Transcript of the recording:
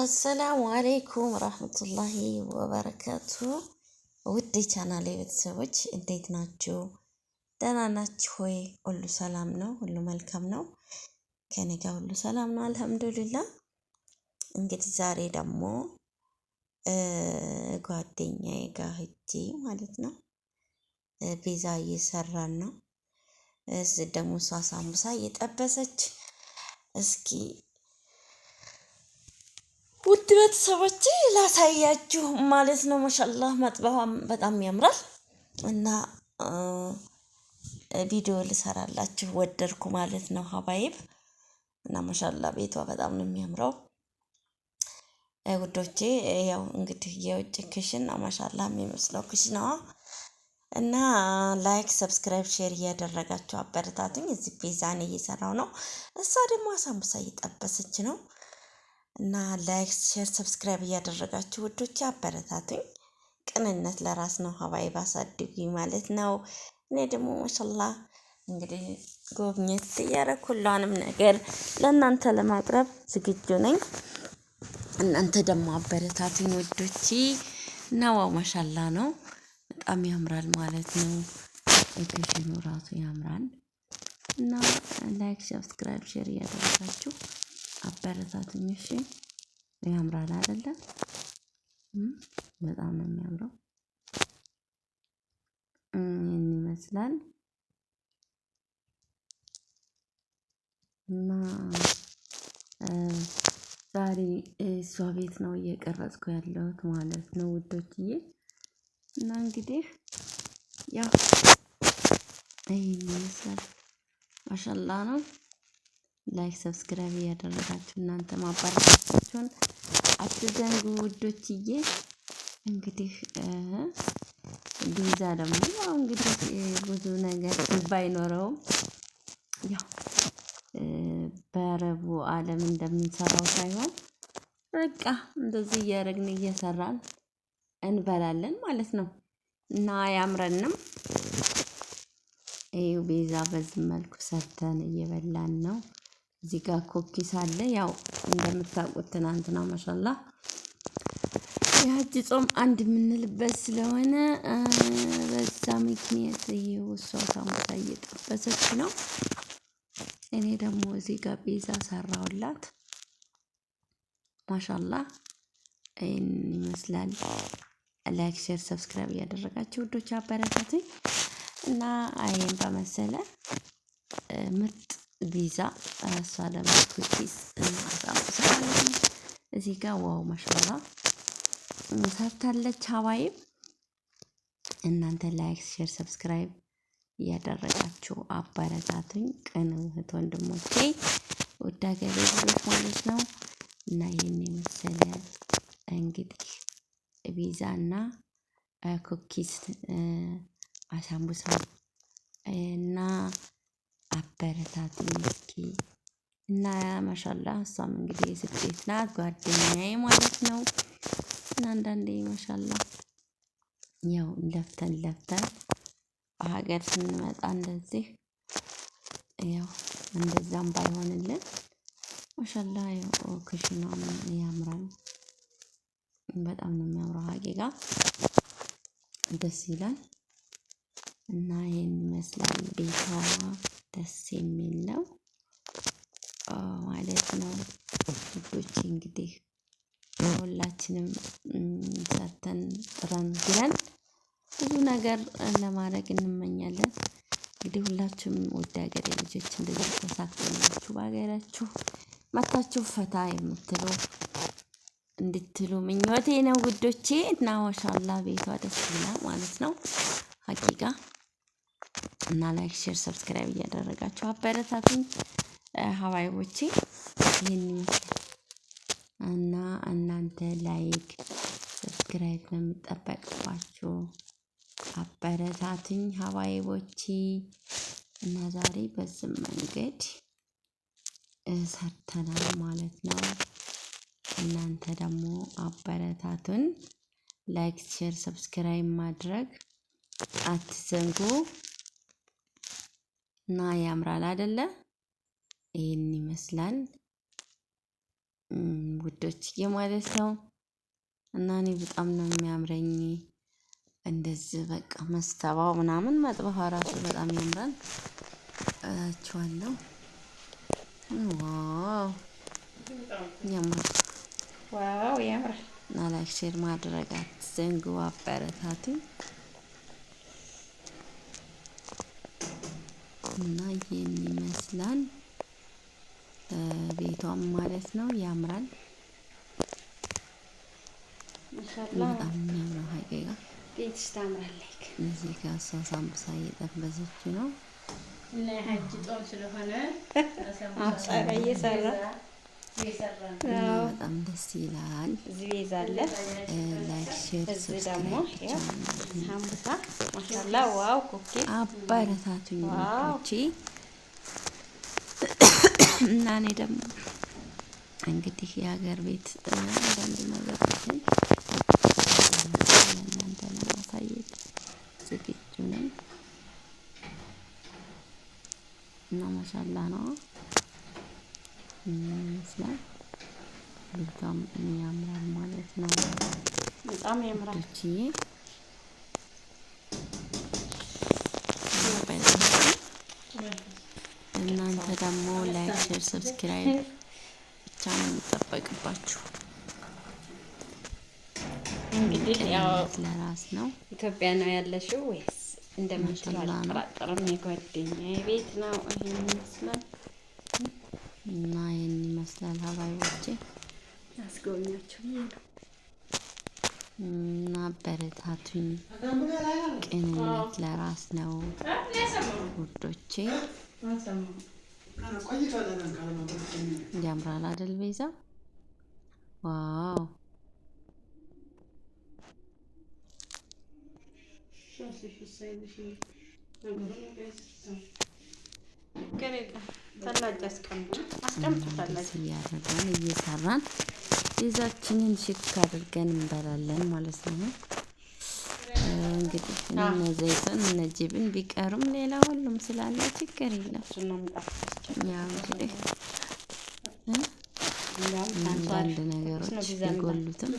አሰላሙ አሌይኩም ረህመቱላሂ ወበረካቱ። ውድ የቻናሌ ቤተሰቦች እንዴት ናችሁ? ደህና ናችሁ ሆይ? ሁሉ ሰላም ነው፣ ሁሉ መልካም ነው። ከኔ ጋር ሁሉ ሰላም ነው፣ አልሐምዱሊላ። እንግዲህ ዛሬ ደግሞ ጓደኛዬ ጋር ሂጄ ማለት ነው ቤዛ እየሰራን ነው። እዚህ ደግሞ እሷ ሳምቡሳ እየጠበሰች እስኪ ውድ ቤተሰቦች ላሳያችሁ ማለት ነው። ማሻላህ መጥበቧም በጣም ያምራል እና ቪዲዮ ልሰራላችሁ ወደድኩ ማለት ነው ሀባይብ እና ማሻላ ቤቷ በጣም ነው የሚያምረው ውዶቼ። ያው እንግዲህ የውጭ ክሽን ማሻላ የሚመስለው ክሽናዋ እና ላይክ፣ ሰብስክራይብ፣ ሼር እያደረጋችሁ አበረታቱኝ። እዚህ ቤዛን እየሰራው ነው። እሷ ደግሞ አሳምሳ እየጠበሰች ነው። እና ላይክ፣ ሼር፣ ሰብስክራይብ እያደረጋችሁ ውዶች አበረታቱኝ። ቅንነት ለራስ ነው። ሀባይ ባሳድጉ ማለት ነው። እኔ ደግሞ ማሻላ እንግዲህ ጎብኘት እያደረኩ ሁሏንም ነገር ለእናንተ ለማቅረብ ዝግጁ ነኝ። እናንተ ደግሞ አበረታቱኝ ውዶች። ነዋ ማሻላ ነው። በጣም ያምራል ማለት ነው። ኦኬሽኑ ራሱ ያምራል እና ላይክ፣ ሰብስክራይብ፣ ሼር እያደረጋችሁ አበረታቱኝ እሺ። ያምራል አይደለ? በጣም ነው የሚያምረው። ይህን ይመስላል እና ዛሬ እሷ ቤት ነው እየቀረጽኩ ያለሁት ማለት ነው ውዶችዬ። እና እንግዲህ ያው ይህን ይመስላል ማሻላ ነው። ላይክ፣ ሰብስክራይብ እያደረጋችሁ እናንተ ማባረታችሁን አትዘንጉ ውዶችዬ። እንግዲህ ቤዛ ደግሞ ያው እንግዲህ ብዙ ነገር ባይኖረውም ያው በረቡ ዓለም እንደምንሰራው ሳይሆን በቃ እንደዚህ እያደረግን እየሰራን እንበላለን ማለት ነው እና አያምረንም። ይኸው ቤዛ በዚህ መልኩ ሰርተን እየበላን ነው። እዚህ ጋር ኮኪስ አለ። ያው እንደምታውቁት ትናንትና ማሻላ የሀጅ ጾም አንድ የምንልበት ስለሆነ በዛ ምክንያት እሷ ሳሙሳ እየጠበሰች ነው። እኔ ደግሞ እዚህ ጋር ቤዛ ሰራውላት። ማሻላ ይህን ይመስላል። ላይክ፣ ሼር፣ ሰብስክራይብ እያደረጋችሁ ውዶች አበረታቱኝ እና ይህን በመሰለ ምርጥ ቪዛ እሷ ለመኩኪስ አሳምቡሳ ማለት እዚህ ጋር ዋው ማሻላ ሰርታለች ሀዋይ እናንተ ላይክ፣ ሼር፣ ሰብስክራይብ እያደረጋችሁ አበረታቱኝ ቅን እህት ወንድሞቼ ውድ ሀገሬ ልጆች ማለት ነው እና ይህን የመሰለ እንግዲህ ቪዛ እና ኩኪስ አሳምቡሳ እና አበረታትኝ እስኪ እና ማሻላ እሷም እንግዲህ የስደት ናት ጓደኛዬ ማለት ነው። እና አንዳንዴ ማሻላ ያው ለፍተን ለፍተን በሀገር ስንመጣ እንደዚህ ያው እንደዛም ባይሆንልን ማሻላ ያው ክሽናም ያምራል። በጣም ነው የሚያምረው ሀቂቃ ደስ ይላል። እና ይህን ይመስላል ቤቷ ደስ የሚል ነው ማለት ነው። ውዶቼ እንግዲህ ሁላችንም ሰርተን ጥረን ግረን ብዙ ነገር ለማድረግ እንመኛለን። እንግዲህ ሁላችሁም ወደ ሀገር ልጆች እንደዚህ ተሳክቶላችሁ በሀገራችሁ መታችሁ ፈታ የምትሉ እንድትሉ ምኞቴ ነው። ውዶቼ እና ማሻላ ቤቷ ደስ ይላል ማለት ነው። ሀቂቃ እና ላይክ፣ ሼር፣ ሰብስክራይብ እያደረጋችሁ አበረታቱኝ ሀባይቦቼ። ይህን ይመስላል እና እናንተ ላይክ ሰብስክራይብ ለሚጠበቅባችሁ አበረታቱኝ ሀባይቦቼ። እና ዛሬ በዚህ መንገድ ሰርተናል ማለት ነው። እናንተ ደግሞ አበረታቱን። ላይክ ሼር ሰብስክራይብ ማድረግ አትዘንጉ። እና ያምራል አደለ? ይህን ይመስላል ውዶችዬ ማለት ነው። እና እኔ በጣም ነው የሚያምረኝ እንደዚህ በቃ መስተባው ምናምን መጥበፍ ራሱ በጣም ያምራል እላችኋለሁ። ዋው ያምራል፣ ዋው ያምራል። እና ላይክ ሼር ማድረጋት ዘንጉ አበረታቱኝ። እና ይህን ይመስላል ቤቷም ማለት ነው። ያምራል፣ በጣም የሚያምረው ሀቂቃ ቤትሽ ታምራለች። እዚህ ጋ ሳምቡሳ እየጠበሰች ነው። ስለሆነ እየሰራ በጣም ደስ ይላል። ዝቤዛ አለ እዚህ ደግሞ ሀምቡታ ማሻላ እና እኔ ደግሞ እንግዲህ የሀገር ቤት አንዳንድ ነገሮችን እናንተ ለማሳየት ዝግጁ ነኝ እና ማሻላ ነው። ይመስላል። ልብቷም ያምራል ማለት ነው። በጣም ያምራል። እናንተ ደግሞ ላይክ፣ ሼር፣ ሰብስክራይብ ብቻ ነው የሚጠበቅባችሁ። እንግዲህ ያው ለራስ ነው። ኢትዮጵያ ነው ያለሽው ወይስ እንደምትለው አልጠራጠርም። የጓደኛዬ ቤት ነው ይሄን ይመስላል። እና ይህን ይመስላል ሀባይቦቼ ያስጎብኛችሁ እና በረታቱኝ። ቅንነት ለራስ ነው ውዶቼ። ያምራል አደል ቤዛ? ዋው እያደረግን እየሰራን ይዛችንን ሽክ አድርገን እንበላለን ማለት ነው። እንግዲህ እነ ዘይቱን እነ ጅብን ቢቀሩም ሌላ ሁሉም ስላለ ችግር የለም። ያው እንግዲህ አንዳንድ ነገሮች ቢጎሉትም